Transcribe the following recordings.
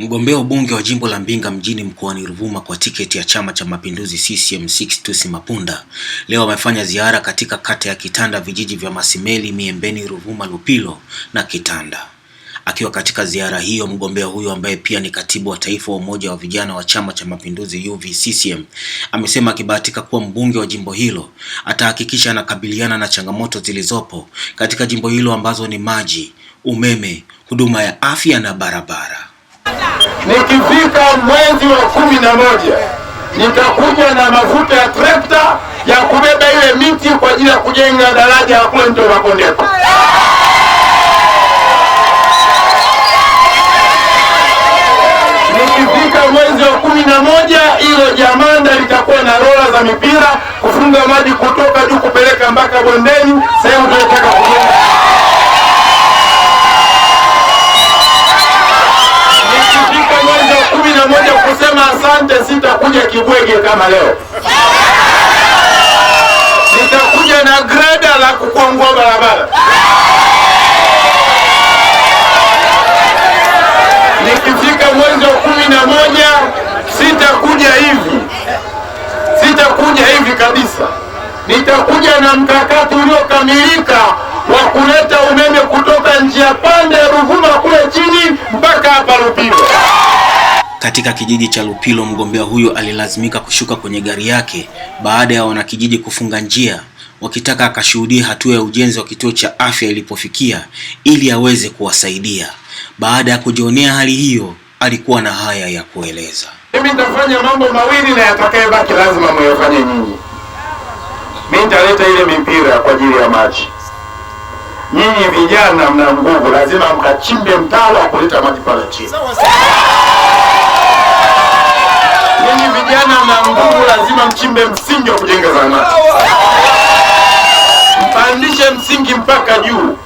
Mgombea ubunge wa jimbo la Mbinga mjini mkoani Ruvuma kwa tiketi ya Chama cha Mapinduzi CCM Six Mapunda leo amefanya ziara katika kata ya Kitanda, vijiji vya Masimeli, Miembeni, Ruvuma, Lupilo na Kitanda. Akiwa katika ziara hiyo, mgombea huyo ambaye pia ni katibu wa taifa wa umoja wa vijana wa Chama cha Mapinduzi UVCCM amesema akibahatika kuwa mbunge wa jimbo hilo atahakikisha anakabiliana na changamoto zilizopo katika jimbo hilo ambazo ni maji, umeme, huduma ya afya na barabara. Nikifika mwezi wa kumi na moja nitakuja na mafuta ya trekta ya kubeba ile miti kwa ajili ya kujenga daraja ya kule Mto Makondeko. Nikifika mwezi wa kumi na moja ilo jamanda litakuwa na rola za mipira kufunga maji kutoka juu kupeleka mpaka bondeni sehemu tunataka kujenga asante, sitakuja kibwege kama leo, nitakuja na greda la kukwangua barabara. Nikifika mwezi wa kumi na moja sitakuja hivi, sitakuja hivi kabisa. Nitakuja na mkakati uliokamilika wa kuleta umeme kutoka njia panda ya Ruvuma kule katika kijiji cha Lupilo, mgombea huyo alilazimika kushuka kwenye gari yake baada ya wanakijiji kufunga njia wakitaka akashuhudie hatua ya ujenzi wa kituo cha afya ilipofikia ili aweze kuwasaidia. Baada ya kujionea hali hiyo, alikuwa na haya ya kueleza. Mimi nitafanya mambo mawili na yatakayebaki lazima muyafanye nyinyi. Mimi nitaleta ile mipira kwa ajili ya maji. Nyinyi vijana mna nguvu, lazima mkachimbe mtaro wa kuleta maji pale chini. na nguvu, lazima mchimbe msingi wa kujenga zahanati, mpandishe msingi mpaka juu.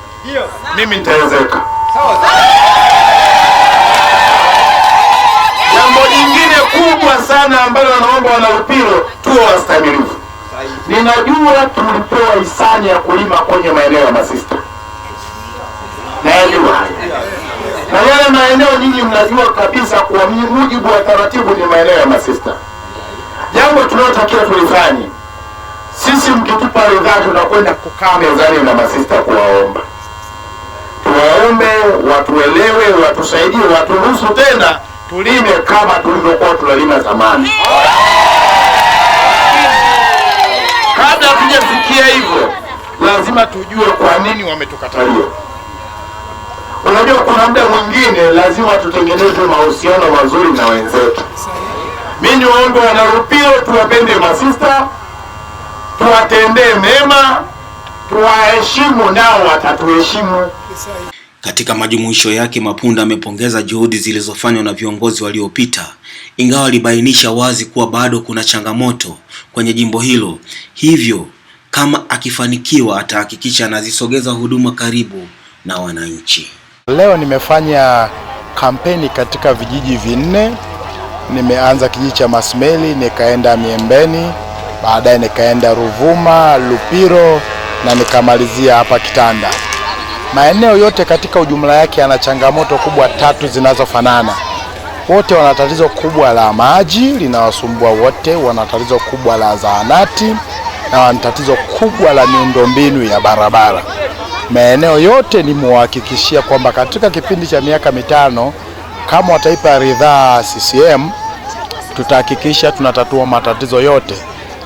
Mimi nitawezeka. Jambo jingine kubwa sana ambalo wanaomba Wanalupilo tuwe wastamilivu. Ninajua tulipewa hisani ya kulima kwenye maeneo ya masista, najua na yale maeneo nyinyi mnajua kabisa, kwa mujibu wa taratibu ni maeneo ya masista jambo tunalotakiwa tulifanye sisi, mkitupa ridhaa, tunakwenda kukaa mezani na masista kuwaomba, tuwaombe watuelewe, watusaidie, waturuhusu tena tulime kama tulivyokuwa tunalima zamani. Kabla hatujafikia hivyo, lazima tujue kwa nini wametukatalia. Unajua, kuna muda mwingine lazima tutengeneze mahusiano mazuri na wenzetu mimi wangu waombe Wanarupio tuwapende masista, tuwatendee mema, tuwaheshimu nao watatuheshimu. Katika majumuisho yake, Mapunda amepongeza juhudi zilizofanywa na viongozi waliopita, ingawa alibainisha wazi kuwa bado kuna changamoto kwenye jimbo hilo, hivyo kama akifanikiwa atahakikisha anazisogeza huduma karibu na wananchi. Leo nimefanya kampeni katika vijiji vinne nimeanza kijiji cha masmeli nikaenda Miembeni, baadaye nikaenda Ruvuma, Lupiro na nikamalizia hapa Kitanda. Maeneo yote katika ujumla yake yana changamoto kubwa tatu zinazofanana. Wote wana tatizo kubwa la maji linawasumbua wote, wana tatizo kubwa la zahanati na wana tatizo kubwa la miundombinu ya barabara. Maeneo yote nimewahakikishia kwamba katika kipindi cha miaka mitano kama wataipa ridhaa CCM, tutahakikisha tunatatua matatizo yote.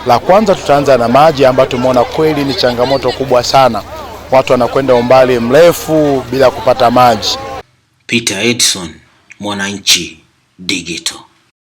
La kwanza tutaanza na maji ambayo tumeona kweli ni changamoto kubwa sana, watu wanakwenda umbali mrefu bila kupata maji. Peter Edson, Mwananchi Digital.